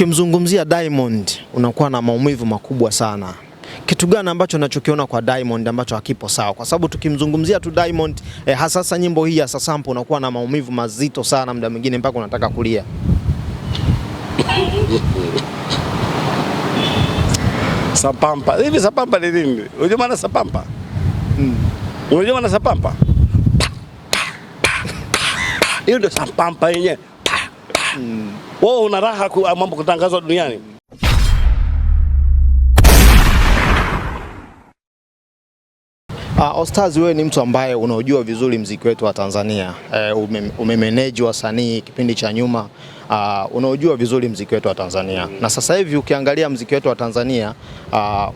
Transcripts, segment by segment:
ukimzungumzia Diamond unakuwa na maumivu makubwa sana. Kitu gani ambacho nachokiona kwa Diamond ambacho hakipo sawa? Kwa sababu tukimzungumzia tu Diamond eh, hasasa nyimbo hii ya Sasampo unakuwa na maumivu mazito sana, muda mwingine mpaka unataka kulia. Sapampa hivi, sapampa ni nini? Unajua maana sapampa? Hmm. Unajua maana sapampa? Hiyo ndio sapampa yenyewe. Hmm. Wewe una raha mambo kutangazwa duniani. Uh, ah, Ostaz wewe ni mtu ambaye unaojua vizuri mziki wetu wa Tanzania. Uh, umemeneji wasanii kipindi cha nyuma. Uh, unaojua vizuri mziki wetu wa Tanzania na sasa hivi ukiangalia mziki wetu wa Tanzania uh,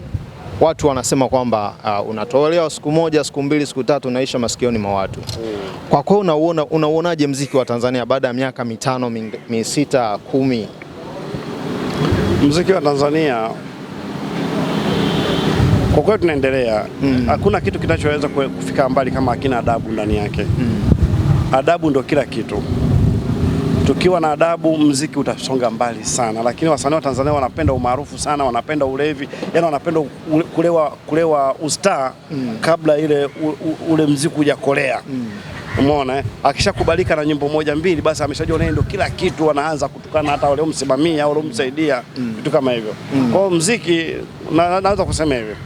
watu wanasema kwamba uh, unatolewa siku moja, siku mbili, siku tatu, unaisha masikioni mwa watu. Hmm. Kwa kweli unauona, unauonaje mziki wa Tanzania baada ya miaka mitano misita kumi? Mziki wa Tanzania kwa kweli tunaendelea, hmm. hakuna kitu kinachoweza kufika mbali kama hakina adabu ndani yake mm. Adabu ndio kila kitu. Tukiwa na adabu, mziki utasonga mbali sana, lakini wasanii wa Tanzania wanapenda umaarufu sana, wanapenda ulevi, yani wanapenda kulewa, kulewa ustaa mm. kabla ile u, u, ule mziki hujakolea mm. Umeona eh? Akishakubalika na nyimbo moja mbili, basi ameshajua naye ndio kila kitu, anaanza kutukana hata wale msimamia au wale msaidia vitu mm. kama hivyo mm. Kwa mziki na, naweza kusema hivyo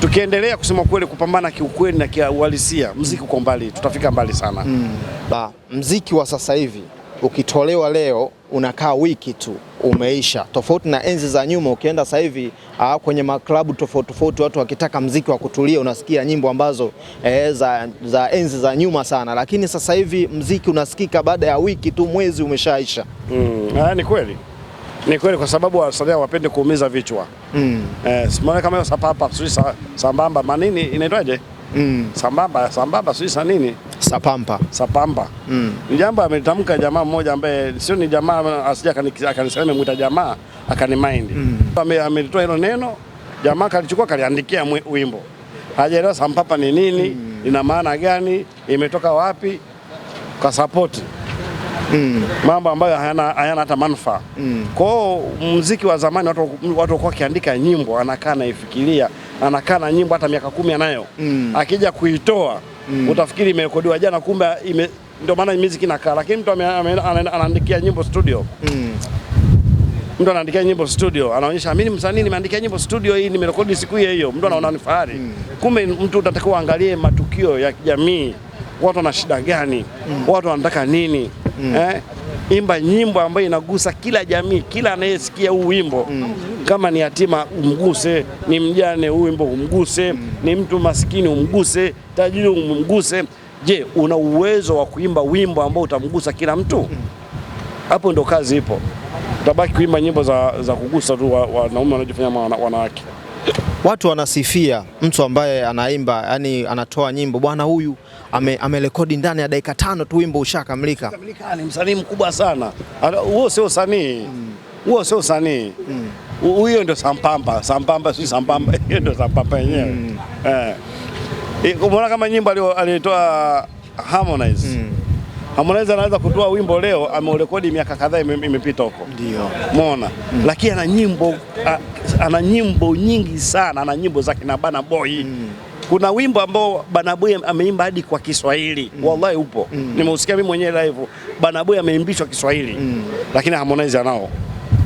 tukiendelea kusema kweli, kupambana kiukweli na kiuhalisia, mziki uko mbali, tutafika mbali sana mm. ba, mziki wa sasa hivi ukitolewa leo unakaa wiki tu umeisha, tofauti na enzi za nyuma. Ukienda sasa hivi ah, kwenye maklabu tofauti tofauti, watu wakitaka mziki wa kutulia, unasikia nyimbo ambazo e, za, za enzi za nyuma sana, lakini sasa hivi mziki unasikika baada ya wiki tu, mwezi umeshaisha. Mm. Ah, ni kweli ni kweli kwa sababu wasanii wapende kuumiza vichwa mm. Eh, simone kama hiyo sapapa sijui sambamba manini inaitwaje? mm. sambamba sambamba sijui sa nini Sapampa, Sapampa. Mm. Jambo ametamka jamaa mmoja ambaye sio ni jamaa asija akanisema mwita jamaa akanimind. Mm. Amelitoa hilo neno, jamaa kalichukua kaliandikia wimbo. Hajaelewa Sampapa ni nini, mm. ina maana gani, imetoka wapi kwa support. Mm. Mambo ambayo hayana, hayana hata manufaa. Mm. Kwao muziki wa zamani watu walikuwa wakiandika nyimbo, anakaa naifikiria anakaa na nyimbo hata miaka kumi anayo. Mm. Akija kuitoa mm. Utafikiri imerekodiwa jana, kumbe ime, ndio maana music inakaa, lakini mtu anaandikia nyimbo studio mm. Mtu anaandikia nyimbo studio, anaonyesha mimi msanii nimeandikia nyimbo studio, hii nimerekodi siku hiyo hiyo, mtu anaona ni fahari mm. Kumbe mtu unatakiwa uangalie matukio ya kijamii, watu wana shida gani mm. Watu wanataka nini mm. eh, imba nyimbo ambayo inagusa kila jamii, kila anayesikia huu wimbo mm. Kama ni yatima umguse, ni mjane huu wimbo umguse mm. Ni mtu masikini umguse, tajiri umguse. Je, una uwezo wa kuimba wimbo ambao utamgusa kila mtu? Mm. Hapo ndo kazi ipo. Utabaki kuimba nyimbo za, za kugusa tu wanaume wanajifanya wanawake. Watu wanasifia mtu ambaye anaimba, yani anatoa nyimbo, bwana huyu amerekodi ame ndani ya dakika tano tu wimbo ushakamilika. Ni msanii mkubwa sana huo, sio usanii hmm. huo, mm. sio usanii hmm. huyo, mm. ndio sampamba sampamba, si sampamba hiyo ndio sampamba yenyewe mm. eh. Umeona kama nyimbo alitoa Harmonize mm. Harmonize anaweza kutoa wimbo leo, ameurekodi miaka kadhaa imepita huko, ndio umeona mm. Lakini ana nyimbo ana nyimbo nyingi sana, ana nyimbo za kina Bana Boy mm kuna wimbo ambao Banaboy ameimba hadi kwa Kiswahili mm. Wallahi upo mm. Nimeusikia mimi mwenyewe live, Banaboy ameimbishwa Kiswahili mm. Lakini Harmonize anao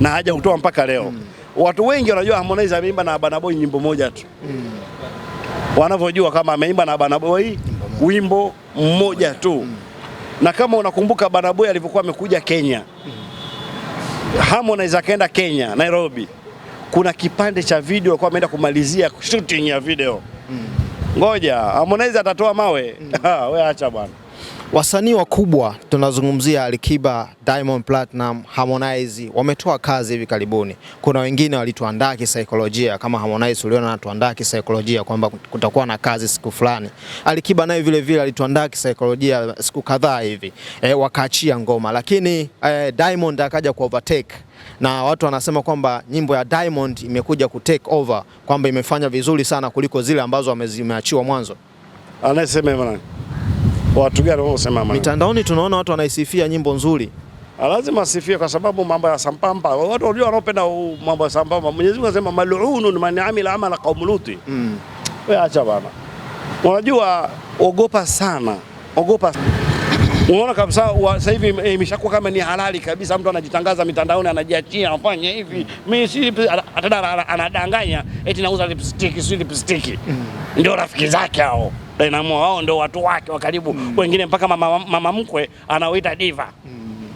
na haja kutoa mpaka leo mm. Watu wengi wanajua Harmonize ameimba na Banaboy nyimbo moja tu mm. Wanavyojua kama ameimba na Banaboy wimbo mmoja tu mm. Na kama unakumbuka Banaboy alivyokuwa amekuja Kenya mm. Harmonize akaenda Kenya Nairobi, kuna kipande cha video alikuwa ameenda kumalizia shooting ya video mm ngoja Harmonize atatoa mawe mm. Ah, we acha bwana. Wasanii wakubwa tunazungumzia Alikiba, Diamond Platinum, Harmonize wametoa kazi hivi karibuni. Kuna wengine walituandaa kisaikolojia kama Harmonize, uliona anatuandaa kisaikolojia kwamba kutakuwa na kazi siku fulani. Alikiba naye vile vile alituandaa kisaikolojia siku kadhaa hivi e, wakaachia ngoma, lakini e, Diamond akaja kwa overtake na watu wanasema kwamba nyimbo ya Diamond imekuja ku take over, kwamba imefanya vizuri sana kuliko zile ambazo wamezimeachiwa mwanzo. Anasema nani? Watu gani wanaosema nani? Mitandaoni tunaona watu wanaisifia nyimbo nzuri. Ah, lazima asifie kwa sababu mambo ya sambamba, watu wajua wanaopenda mambo ya sambamba. Mwenyezi Mungu anasema mal'unun man amila amala qaum luti. Mm. Wewe acha bana. Unajua ogopa sana. Ogopa sana. Unaona kabisa sasa hivi eh, imeshakuwa kama ni halali kabisa, mtu anajitangaza mitandaoni, anajiachia afanye hivi, mimi si atadara, anadanganya eti nauza lipstick, si lipstick. Mm. Ndio rafiki zake hao Dynamo, eh, wao ndio watu wake wa karibu, mm. wengine mpaka mama, mama mkwe anaoita diva. Mm.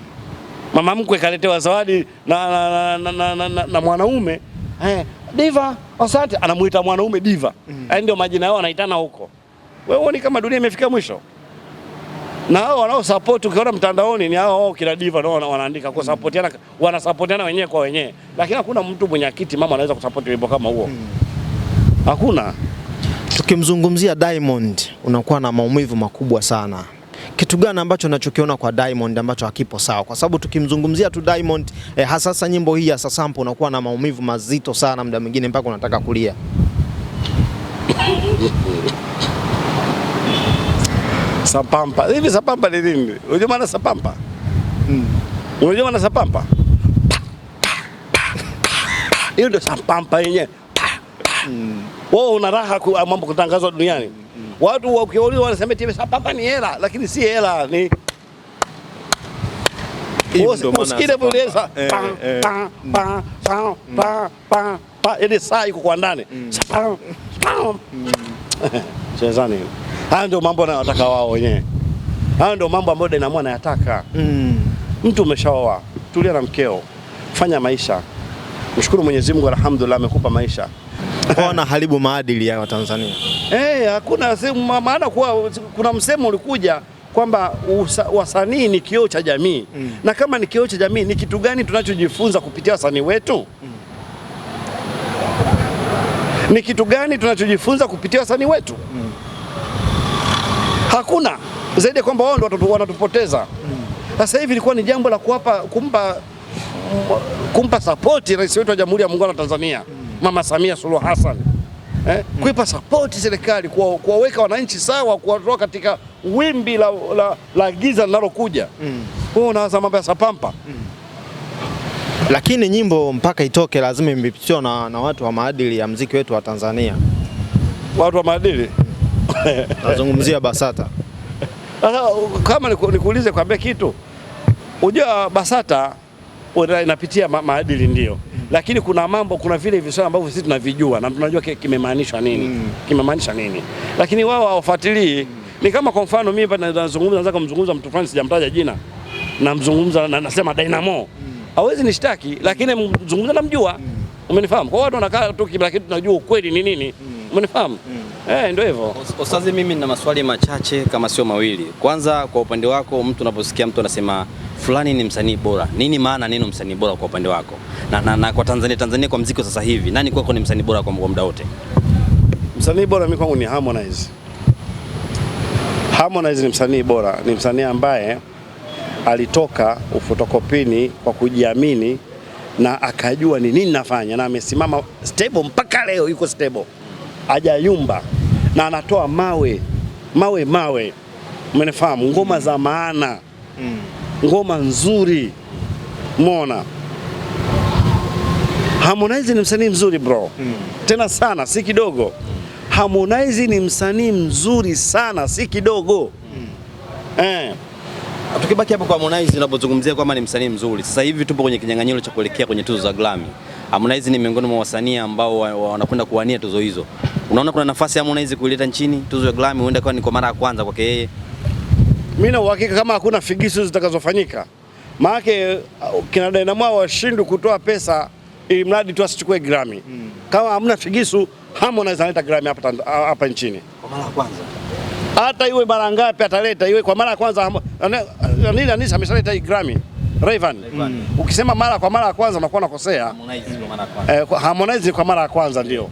Mama mkwe kaletewa zawadi na, na, na, na, na, na, na mwanaume eh, diva asante, anamuita mwanaume diva. Eh, ndio majina yao anaitana huko. Wewe uone kama dunia imefikia mwisho na hao wanao support ukiona mtandaoni ni hao wao kina diva ndio wanaandika kwa sapotiana, wanasapotiana wenyewe kwa wenyewe, lakini hakuna mtu mwenye akiti mama anaweza kusupport wimbo kama huo, hmm. hakuna. Tukimzungumzia Diamond, unakuwa na maumivu makubwa sana. Kitu gani ambacho unachokiona kwa Diamond ambacho hakipo sawa? Kwa sababu tukimzungumzia tu Diamond eh, hasa sasa nyimbo hii ya Sasampo, unakuwa na maumivu mazito sana, muda mwingine mpaka unataka kulia Sapampa. Hivi sapampa ni nini? Unajua maana sapampa? Mm. Unajua maana sapampa? Hiyo ndio sapampa yenyewe. Mm. Wao una raha kwa mambo kutangazwa duniani. Mm. Watu wakiulizwa wanasema eti sapampa ni hela, lakini si hela ni Usikile vile pa pa pa pa pa pa ile saa iko kwa ndani. Hmm. Sa Chezani. ndio mambo anayotaka wao wenyewe. Hayo ndio mambo ambayo Dynamo anayataka. Mm. Mtu umeshaoa, tulia na mkeo, fanya maisha. Mshukuru Mwenyezi Mungu, alhamdulillah amekupa maisha. Kwaona haribu maadili ya Watanzania. Eh, hakuna maana kuwa kuna msemo ulikuja kwamba wasanii ni kioo cha jamii. Mm. Na kama ni kioo cha jamii, ni kitu gani tunachojifunza kupitia wasanii wetu? Mm. Ni kitu gani tunachojifunza kupitia wasanii wetu? mm. Hakuna zaidi ya kwamba wao ndio wanatupoteza. Sasa hivi ilikuwa ni jambo la kuwapa kumpa kumpa sapoti rais wetu wa Jamhuri ya Muungano wa Tanzania Mama Samia Suluhu Hassan eh, kuipa sapoti serikali, kuwaweka wananchi sawa, kuwatoa katika wimbi la, la, la giza linalokuja. Wewe unawaza mambo ya sapampa mm lakini nyimbo mpaka itoke lazima imepitiwa na, na watu wa maadili ya mziki wetu wa Tanzania. Watu wa maadili nazungumzia BASATA. kama nikuulize kwambie kitu, unajua BASATA inapitia ma maadili ndio, lakini kuna mambo, kuna vile viswali ambavyo sisi tunavijua na tunajua kimemaanisha nini mm. kimemaanisha nini, lakini wao hawafuatilii ni kama kwa mfano mimi hapa nazungumza, naanza kumzungumza mtu fulani, sijamtaja jina, namzungumza na nasema Dynamo mm hawezi nishtaki, lakini mzungumza namjua, mm. umenifahamu. Kwa watu wanakaa tu kibla kitu, tunajua ukweli ni nini, mm. umenifahamu. Mm. Eh, ndio hivyo. Osazi, mimi nina maswali machache kama sio mawili. Kwanza, kwa upande wako, mtu unaposikia mtu anasema fulani ni msanii bora, nini maana neno msanii bora kwa upande wako na, na, na kwa Tanzania Tanzania kwa mziki sasa hivi nani kwako ni msanii bora kwa muda wote? Msanii bora mimi kwangu ni Harmonize. Harmonize ni msanii bora, ni msanii ambaye alitoka ufotokopini kwa kujiamini na akajua ni nini nafanya, na amesimama stable mpaka leo, yuko stable, yumba na anatoa mawe mawe mawe, umenifahamu? Ngoma za maana, mm. ngoma nzuri. umeona. Harmonize ni msanii mzuri bro, mm. tena sana, si kidogo. Harmonize ni msanii mzuri sana, si kidogo mm. eh. Tukibaki hapo kwa Harmonize, unapozungumzia kwamba ni msanii mzuri, sasa hivi tupo kwenye kinyang'anyiro cha kuelekea kwenye tuzo za Grammy. Harmonize ni miongoni mwa wasanii ambao wanakwenda kuwania tuzo hizo. Unaona kuna nafasi ya Harmonize kuileta nchini tuzo ya Grammy, huenda kwa ni kwa mara ya kwanza kwake yeye. Mimi na uhakika kama hakuna figisu zitakazofanyika, Maana uh, kina Dynamo washindwe kutoa pesa ili mradi tu asichukue Grammy. Hmm. Kama hamna figisu, Harmonize analeta Grammy hapa hapa nchini kwa mara ya kwanza hata iwe mara ngapi ataleta iwe kwa mara ya kwanza. Nani Anisa ameshaleta hii Grammy Rayvan, mm. Ukisema mara kwa mara ya kwanza unakuwa unakosea. Harmonize kwa mara ya kwanza eh, ndio mm.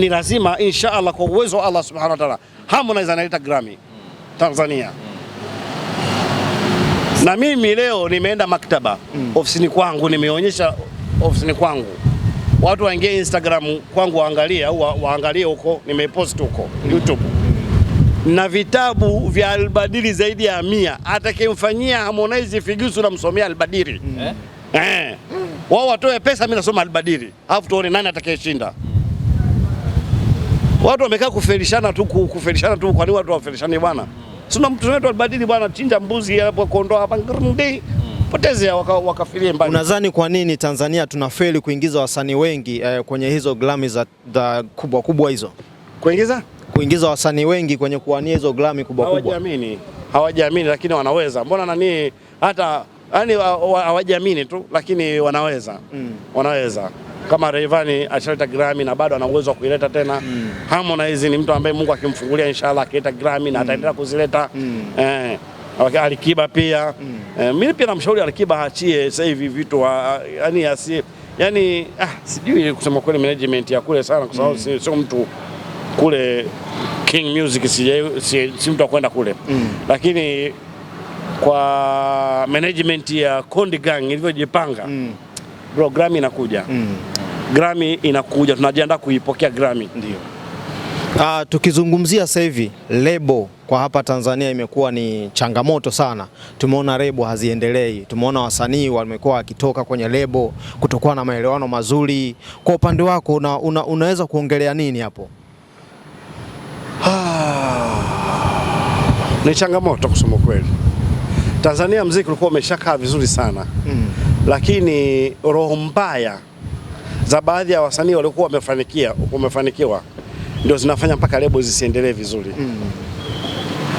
ni lazima insha kwa uwezo wa Allah subhanahu wa ta'ala, Harmonize analeta Grammy Tanzania mm. na mimi leo nimeenda maktaba mm. ofisini kwangu nimeonyesha ofisini kwangu watu waingie Instagram kwangu waangalie au waangalie huko, nimepost huko YouTube na vitabu vya Albadiri zaidi ya mia. Atakayemfanyia Harmonize figisu namsomea Albadiri mm. eh. mm. wao watoe pesa, mimi nasoma Albadiri alafu tuone nani atakayeshinda. mm. Watu wamekaa kuferishana tu kuferishana tu, kwani watu waferishane bwana? Sina mtu wetu Albadiri bwana, chinja mbuzi hapo kuondoa hapa ngirndi potezea wakafirie waka mbali. Unadhani kwa nini Tanzania tunafeli kuingiza wasanii wengi eh, kwenye hizo Grammy za kubwa kubwa hizo kuingiza kuingiza wasanii wengi kwenye kuwania hizo Grammy kubwa kubwa. Hawajiamini, hawajiamini lakini wanaweza. Mbona nani hata yani hawajiamini tu lakini wanaweza mm. wanaweza kama Rayvanny ashaleta Grammy na bado ana uwezo wa kuileta tena mm. Harmonize ni mtu ambaye Mungu akimfungulia inshallah akileta Grammy na mm. ataendelea kuzileta mm. eh, Alikiba pia mm. eh, mimi pia namshauri Alikiba achie sasa hivi vitu wa, yani asi yani ah, sijui kusema kweli management ya kule sana kwa sababu mm. sio mtu kule King Music si, si mtu akwenda kule mm. Lakini kwa management ya Konde Gang ilivyojipanga mm. Bro, Grammy inakuja mm. Grammy inakuja, tunajiandaa kuipokea Grammy ndio. Uh, tukizungumzia sasa hivi lebo kwa hapa Tanzania imekuwa ni changamoto sana. Tumeona lebo haziendelei, tumeona wasanii wamekuwa wakitoka kwenye lebo kutokuwa na maelewano mazuri. Kwa upande wako una, una, unaweza kuongelea nini hapo? Ni changamoto kusema kweli. Tanzania mziki ulikuwa umeshakaa vizuri sana mm. Lakini roho mbaya za baadhi ya wasanii waliokuwa wamefanikia wamefanikiwa ndio zinafanya mpaka lebo zisiendelee vizuri mm.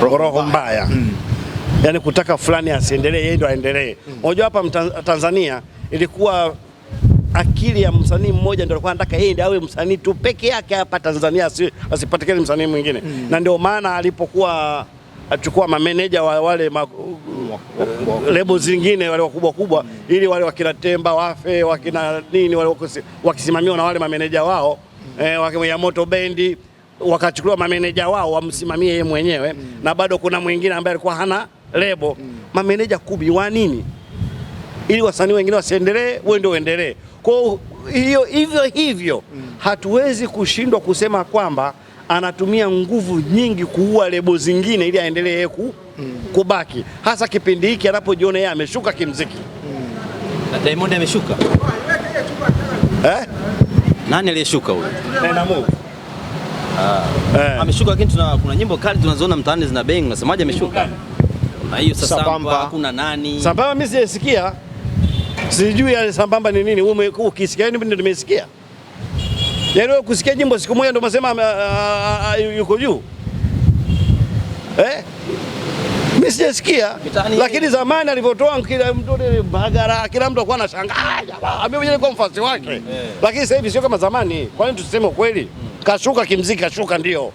Roho mbaya mm. Yaani kutaka fulani asiendelee yeye ndio aendelee. Hmm. Unajua mm. Hapa Tanzania ilikuwa akili ya msanii mmoja ndio alikuwa anataka yeye ndiye awe msanii tu peke yake hapa Tanzania, asipatikane msanii mwingine mm. na ndio maana alipokuwa achukua mameneja wa wale ma, lebo zingine wale wakubwa kubwa, ili wale wakina Temba wafe wakina nini wale wakisimamiwa na wale mameneja wao eh, wakimwenya moto bendi wakachukuliwa mameneja wao wamsimamie yeye mwenyewe mm. na bado kuna mwingine ambaye alikuwa hana lebo mm. mameneja kubi wa nini, ili wasanii wengine wasiendelee, wewe ndio uendelee. Kwa hiyo hivyo hivyo mm. hatuwezi kushindwa kusema kwamba anatumia nguvu nyingi kuua lebo zingine ili aendelee yeye kubaki, hasa kipindi hiki anapojiona yeye ameshuka kimziki. Hmm. Diamond ameshuka eh? Nani aliyeshuka huyo? Namo. Ah. Eh. Ameshuka lakini tuna kuna nyimbo kali tunazoona mtaani zina bang, unasemaje ameshuka? Na hiyo sasa Sambamba kuna nani? Sambamba mimi sijasikia. Sijui ya Sambamba ni nini? Wewe ukisikia ndio nimesikia. Yaani wewe kusikia jimbo siku moja ndo unasema uh, uh, uh, yuko juu eh? Mimi sijasikia, lakini zamani alivyotoa kila mtu Mbagala, kila mtu alikuwa anashangaa, mimi mwenyewe nilikuwa mfasi wake hey. Eh, eh. Lakini sasa hivi sio kama zamani. Kwani tuseme ukweli hmm. Kashuka kimziki, kashuka ndio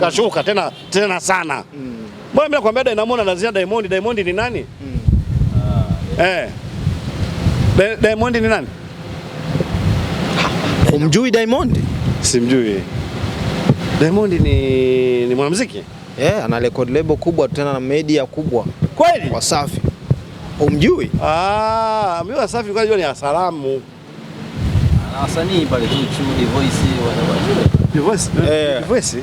kashuka tena tena sana hmm. Mbona mimi nakwambia na anazia Diamond. Diamond ni nani? hmm. ah. eh. Diamond ni nani? Umjui Diamond? Simjui. Diamond ni, ni mwanamuziki? Yeah, ana record label kubwa tena na media kubwa. Kweli? Wasafi. Umjui? Ah, mimi Wasafi kwa najua ni asalamu. Ana wasanii pale tu Chudi Voice wanawajua. Ni Voice? Eh. The Voice?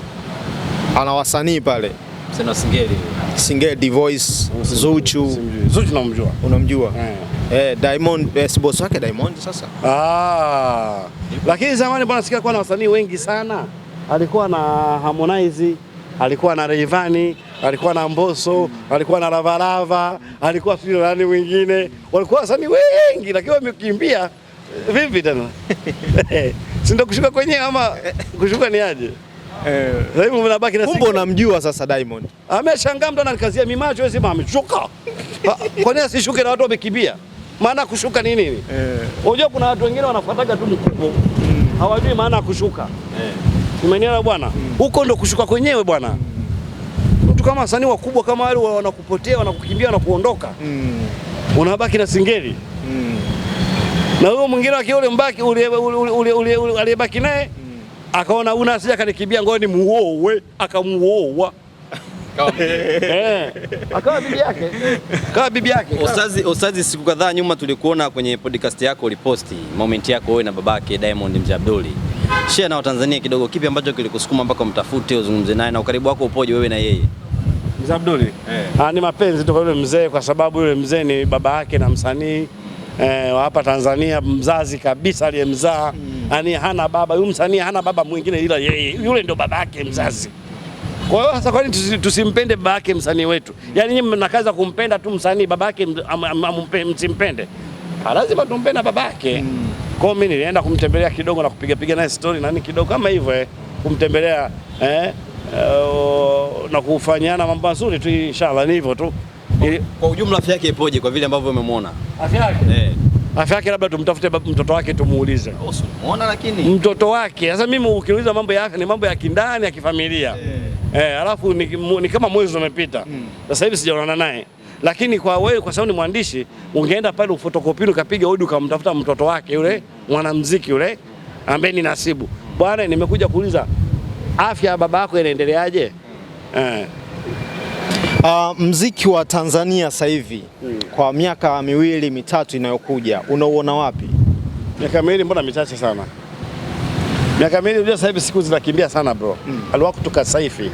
Ana wasanii pale. Sina Singeli. Singeli The Voice, Zuchu. Zuchu namjua. Unamjua? Eh. Yeah. Eh, Diamond eh, si wake Diamond sasa. Ah. Lakini zamani bwana sikia kuwa na wasanii wengi sana. Alikuwa na Harmonize, alikuwa na Rayvanny, alikuwa na Mboso, mm. alikuwa na Lavalava, alikuwa si nani wengine. Walikuwa wasanii wengi lakini wamekimbia vipi tena? Si ndo kushuka kwenye ama kushuka ni aje? Eh, Hebu mnabaki na Kumbe namjua sasa Diamond. Ameshangaa mtu anakazia mimacho wewe hizi ameshuka. Ah, kwa nini asishuke na watu wamekimbia? maana kushuka ni nini? Eh. Unajua eh, kuna watu wengine wanafuataga tu mkupo mm, hawajui maana ya kushuka eh. Umenielewa bwana, mm. huko mm, ndo kushuka kwenyewe bwana mm. Mtu kama wasanii wakubwa kama wale wanakupotea, wanakukimbia, wanakuondoka mm, unabaki na singeli mm, na huyo mwingine wake ule mbaki aliyebaki naye mm, akaona una asija akanikimbia, ngoja muoe akamuoa Eh. akawa bibi yake, akawa bibi yake. Osazi, Osazi, siku kadhaa nyuma tulikuona kwenye podcast yako uliposti moment yako wewe na babake Diamond Mzee Abduli. Share na Watanzania kidogo, kipi ambacho kilikusukuma mpaka umtafute uzungumze naye na ukaribu wako upoje wewe na yeye? Mzee Abduli eh. Ah, ni mapenzi tu kwa yule mzee, kwa sababu yule mzee ni baba yake na msanii eh, wa hapa Tanzania, mzazi kabisa aliyemzaa. Mm. Ani hana baba, yule msanii hana baba mwingine ila yeye, yule ndio baba yake mzazi kwa hiyo sasa, kwani tusimpende baba yake msanii wetu? Yaani nyinyi mnakaza kumpenda tu msanii baba yake msimpende? Ah, lazima tumpende baba yake. Hmm. Kwa mimi nilienda kumtembelea kidogo na kupigapiga naye story na nini kidogo kama hivyo eh, kumtembelea eh, uh, na kufanyana mambo mazuri tu, inshallah. Ni hivyo tu. Kwa ujumla afya yake ipoje? Kwa vile ambavyo umemwona afya yake eh afya yake labda tumtafute mtoto wake tumuulize. Usimuona oh, lakini mtoto wake sasa, mimi ukiuliza mambo ya afya ni mambo ya kindani ya kifamilia eh eh, alafu ni, ni kama mwezi umepita hmm. sasa hivi sijaonana naye lakini kwa wewe kwa sababu ni mwandishi, ungeenda pale ufotokopini ukapiga hodi ukamtafuta mtoto wake yule mwanamuziki yule ambaye ni Nasibu. Bwana, nimekuja kuuliza afya ya baba yako inaendeleaje? Eh. Uh, ah, mziki wa Tanzania sasa hivi hmm, kwa miaka miwili mitatu inayokuja unauona wapi? Miaka miwili mbona michache sana miaka miwili. Unajua sasa hivi siku zinakimbia sana bro. Mm. Alwakutu kasaifi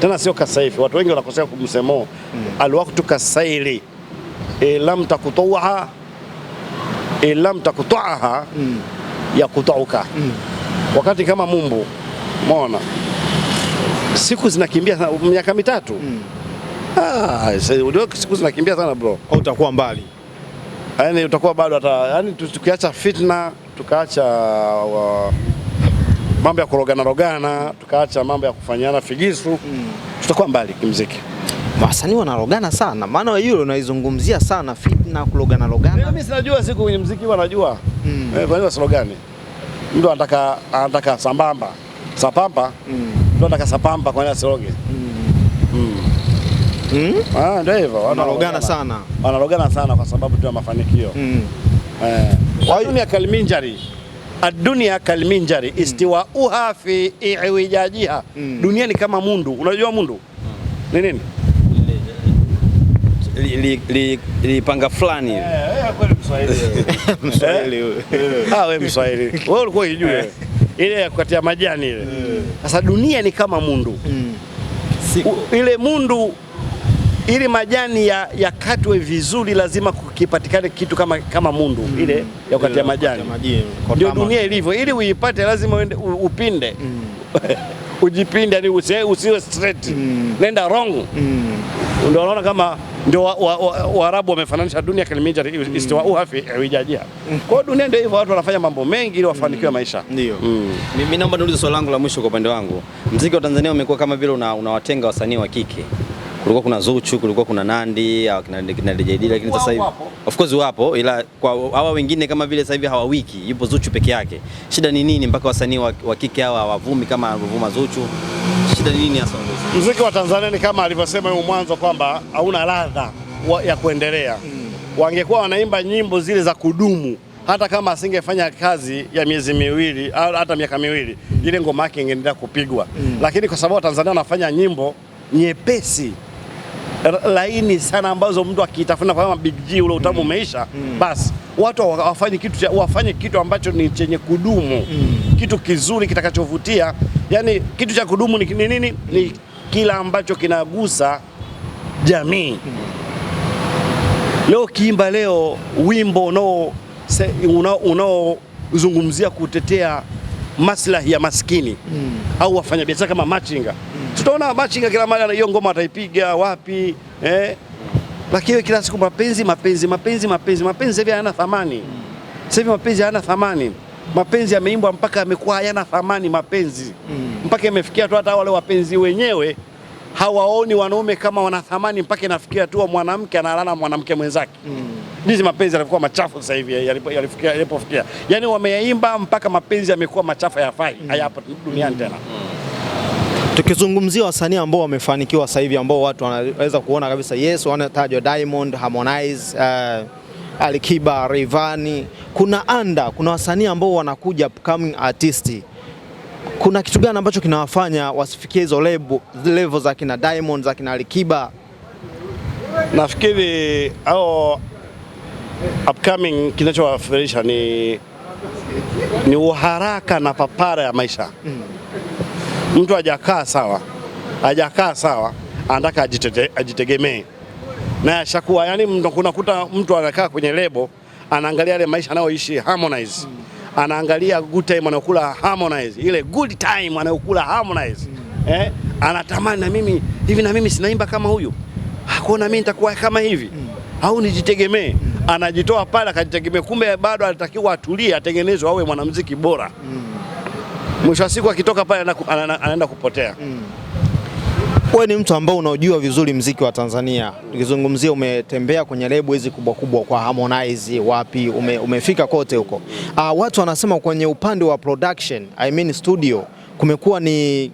tena sio kasaifi, watu wengi wanakosea kumsemo. Mm. Alwakutu kasaili e, lam takutoaha e, lam takutoaha mm. ya kutauka mm. wakati kama mumbu umeona siku zinakimbia sana, miaka mitatu mm. Ah, siku zinakimbia sana bro, utakuwa mbali yaani, utakuwa bado hata yani, tukiacha fitna tukaacha uh, mambo ya kurogana rogana, tukaacha mambo ya kufanyana figisu mm. tutakuwa mbali kimziki. Wasanii wanarogana sana, maana hiyo unaizungumzia sana fitna, kurogana rogana. Mimi sinajua siku kwenye muziki wanajua mm. eh, kwa nini wasilogane? Mtu anataka anataka sambamba sapamba mm. mtu anataka sapamba, kwa nini asiroge? mm. mm. mm. ah, ndio hivyo wanarogana sana, wanarogana sana kwa sababu tu ya mafanikio mm. eh, kwa hiyo ni akaliminjari adunia kalminjari hmm. istiwa fi iwijajiha, hmm. dunia ni kama mundu. Unajua mundu hmm. ni nini? lipanga fulani eh, eh, eh? ah, wewe Mswahili wewe ulikuwa unijua ile ya kukatia majani ile. Sasa dunia ni kama mundu, ile mundu ili majani ya, ya katwe vizuri, lazima kukipatikane kitu kama, kama mundu mm. ile ya kukatia majani, ndio dunia ilivyo. Ili uipate lazima uende, upinde mm. ujipinde, yani usiwe straight mm. nenda wrong mm. Ndio unaona kama ndio Waarabu wamefananisha dunia kaliminja mm. istiwa uhafi wijajia. Mm. Kwa dunia ndio hivyo, watu wanafanya mambo mengi ili wafanikiwe mm. maisha. Ndio mimi naomba niulize swali langu la mwisho kwa upande wangu, mziki wa Tanzania umekuwa kama vile unawatenga wasanii wa kike kulikuwa kuna Zuchu, kulikuwa kuna Nandi au kina DJ lakini sasa hivi of course wapo, ila kwa hawa wengine kama vile sasa hivi hawawiki, yupo Zuchu peke yake. Shida ni nini mpaka wasanii wa kike hawa hawavumi kama anavyovuma Zuchu? Shida ni nini hasa? Muziki wa Tanzania ni kama alivyosema yule mwanzo kwamba hauna ladha ya kuendelea. Mm. Wangekuwa wanaimba nyimbo zile za kudumu hata kama asingefanya kazi ya miezi miwili hata miaka miwili ile ngoma yake ingeendelea kupigwa. Mm. Lakini kwa sababu Watanzania wanafanya nyimbo nyepesi laini sana ambazo mtu akitafuna kama Big G ule utamu mm. umeisha, mm. basi watu wafanye kitu, wafanye kitu ambacho ni chenye kudumu mm. kitu kizuri kitakachovutia. Yani kitu cha kudumu ni nini? Ni, ni kila ambacho kinagusa jamii mm. Leo kiimba leo wimbo unao unaozungumzia kutetea maslahi ya maskini mm. au wafanyabiashara kama machinga Tutaona Machinga kila mara hiyo ngoma ataipiga wapi eh? Lakini kila siku mapenzi mapenzi mapenzi mapenzi mapenzi, hivi hayana thamani. Sasa hivi mapenzi hayana thamani, mapenzi yameimbwa mpaka yamekuwa hayana thamani mapenzi mm. mpaka imefikia tu hata wale wapenzi wenyewe hawaoni wanaume kama wana thamani, mpaka inafikia tu mwanamke analala mwanamke mwenzake. Jinsi mapenzi yalikuwa machafu sasa hivi yalipofikia, yaani wameyaimba mpaka mapenzi yamekuwa machafu, hayafai, mm. hayapo duniani tena. mm. Tukizungumzia wasanii ambao wamefanikiwa sasa hivi ambao watu wanaweza kuona kabisa yes, wanatajwa Diamond, Harmonize, uh, Alikiba, Rayvanny, kuna anda, kuna wasanii ambao wanakuja upcoming artist. kuna kitu gani ambacho kinawafanya wasifikie hizo level za kina Diamond za kina Alikiba? Nafikiri au upcoming kinachowafirisha ni, ni uharaka na papara ya maisha mm mtu hajakaa sawa, hajakaa sawa, anataka ajitegemee na ashakuwa yani, kunakuta mtu anakaa kwenye lebo, anaangalia ile maisha anayoishi Harmonize, anaangalia good time anayokula Harmonize, ile good time anayokula Harmonize eh, anatamani na mimi hivi, na mimi sinaimba kama huyu, hakuona mimi nitakuwa kama hivi au nijitegemee anajitoa pale akajitegemea, kumbe bado anatakiwa atulie, atengenezwe awe mwanamuziki bora mm mwisho wa siku akitoka pale anaenda kupotea mm. Wewe ni mtu ambao unaojua vizuri mziki wa Tanzania, ukizungumzia umetembea kwenye lebo hizi kubwa kubwa kwa Harmonize, wapi ume, umefika kote huko. Uh, watu wanasema kwenye upande wa production, I mean studio, kumekuwa ni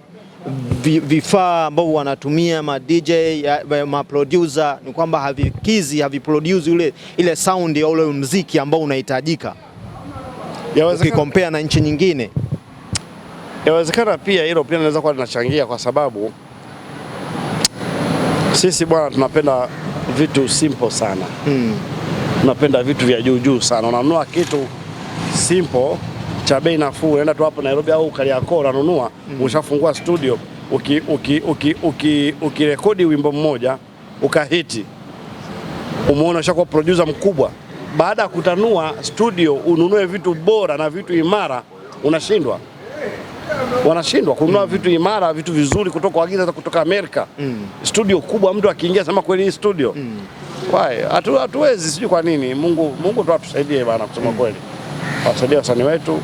vifaa ambavyo wanatumia ma DJ ma producer, ni kwamba havikizi haviproduce ule ile sound ya ule mziki ambao unahitajika, ukicompare na nchi nyingine. Inawezekana pia hilo pia linaweza kuwa linachangia, kwa sababu sisi bwana tunapenda vitu simple sana hmm. Tunapenda vitu vya juu juu sana. Unanunua kitu simple cha bei nafuu, unaenda tu hapo Nairobi au Kariakoo unanunua hmm. Ushafungua studio ukirekodi uki, uki, uki, uki wimbo mmoja ukahiti, umeona ushakuwa producer mkubwa. Baada ya kutanua studio ununue vitu bora na vitu imara, unashindwa wanashindwa kununua mm. vitu imara, vitu vizuri kutoka kuagiza hata kutoka Amerika mm. studio kubwa, mtu akiingia sema kweli hii studio mm. hatuwezi atu, sijui kwa nini. Mungu Mungu tu atusaidie bana, kusema mm. kweli atusaidie wasanii wetu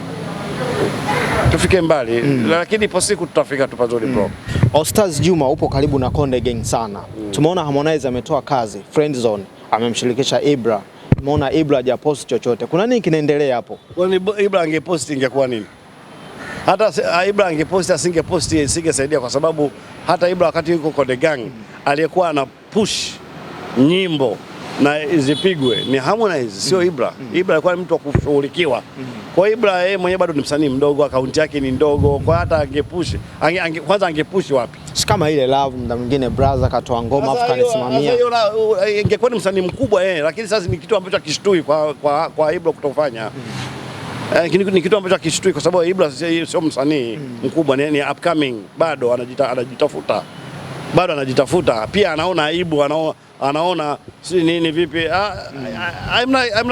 tufike mbali mm. lakini ipo siku tutafika tu pazuri mm. Ostaz Juma, upo karibu na Konde Gang sana mm. tumeona Harmonize ametoa kazi Friend Zone, amemshirikisha Ibra, tumeona Ibra hajaposti chochote. Kuna nini kinaendelea hapo? Kwani Ibra angeposti ingekuwa nini? Hata ah, Ibra angeposti asingeposti isingesaidia, kwa sababu hata Ibra wakati yuko Konde Gang aliyekuwa ana push nyimbo na zipigwe ni Harmonize, sio mm-hmm. Ibra. Mm-hmm. Ibra alikuwa ni mtu wa kushughulikiwa. Mm-hmm. Kwa Ibra yeye mwenyewe bado ni msanii mdogo, akaunti yake ni ndogo, kwa hata angepush ange, ange, kwanza angepush wapi? Si kama ile Love, mda mwingine brother katoa ngoma afu kanisimamia, ingekuwa ni msanii mkubwa yeye, lakini sasa ni kitu ambacho akishtui kwa, kwa, kwa Ibra kutofanya mm eh, ni kitu ambacho akishtui kwa sababu Ibra sio msanii mkubwa, ni, ni upcoming bado anajita, anajitafuta bado anajitafuta pia, anaona aibu, anaona, anaona si nini vipi, ah, I'm not, I'm not